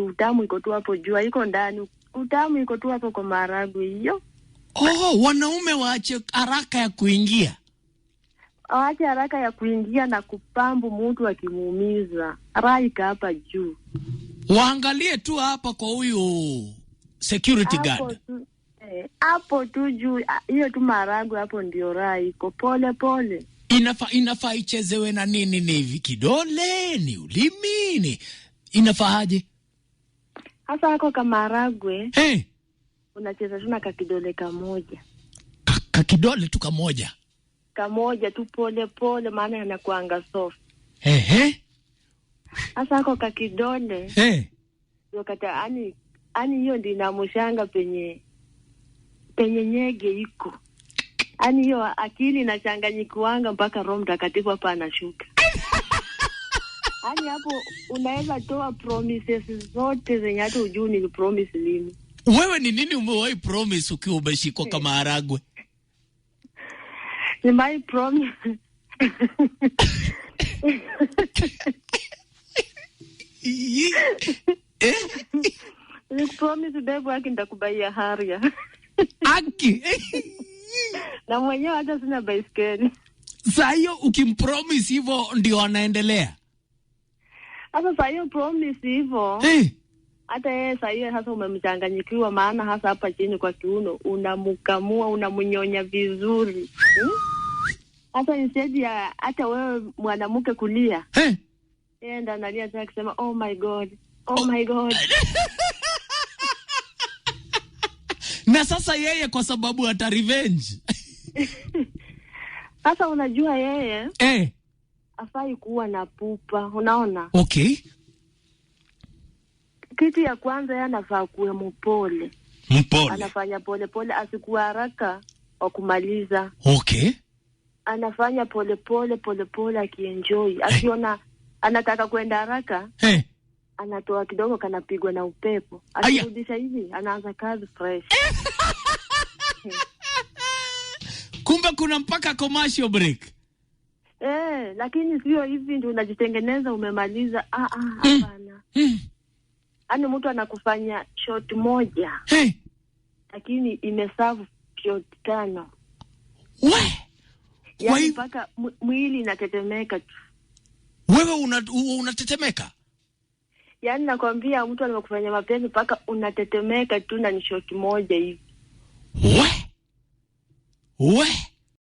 Utamu iko tu hapo, jua iko ndani, utamu iko tu hapo kwa maharagwe hiyo. Oh, wanaume waache haraka ya kuingia, waache haraka ya kuingia na kupambu mtu akimuumiza raika hapa juu. Waangalie tu hapa kwa huyu security guard eh, hapo tu juu ah, hiyo tu maharagwe hapo, ndio raha iko pole pole. Inafaa inafaa ichezewe na nini? Ni kidole? Ni ulimi? Ni inafaaje? Hasa ako kamaragwe hey. Unacheza tuna kakidole kamoja Ka, kakidole tu kamoja kamoja tu pole pole, maana yanakuanga soft ehe. Hasa ako kakidole hey. Ndio kata ani ani, hiyo ndio inamushanga penye penye nyege iko ani, hiyo akili inachanganyikuanga mpaka Roho Mtakatifu hapa anashuka Yaani hapo unaweza toa promises zote zenye hata hujui ni promise nini. Wewe ni nini umewahi promise ukiwa umeshikwa eh. kama aragwe? ni my promise. Eh? Nikupromise babu yake nitakubaiya haria. Aki. Na mwenyewe hata sina baiskeli. Saa hiyo ukimpromise hivyo ndio anaendelea. Sasa saa hiyo promise hivyo eh. hata yeye saa hiyo sasa umemchanganyikiwa, maana hasa hapa chini kwa kiuno unamkamua, unamnyonya vizuri hmm? hasa hmm? Instead ya hata wewe mwanamke kulia hey. Eh. Yeye ndo analia tena akisema oh my god, oh my god na sasa yeye kwa sababu ata revenge sasa unajua yeye hey. Eh afai kuwa na pupa, unaona. Okay, kitu ya kwanza yeye anafaa kuwe mpole, mpole, anafanya polepole, asikuwa haraka wa kumaliza. Okay, anafanya polepole polepole, akienjoi, eh. akiona hey, anataka kwenda haraka hey, eh. anatoa kidogo, kanapigwa na upepo, akirudisha hivi anaanza kazi fresh kumbe kuna mpaka commercial break lakini sio hivi ndio unajitengeneza umemaliza. Ah, ah, hmm. Hmm. hapana. Yaani mtu anakufanya shot moja hey, hmm. lakini imesavu shot tano. We, yaani mpaka mwili inatetemeka tu. Wewe unatetemeka una yaani nakwambia mtu alimekufanya mapenzi mpaka unatetemeka tu na ni shoti moja hivi. We, we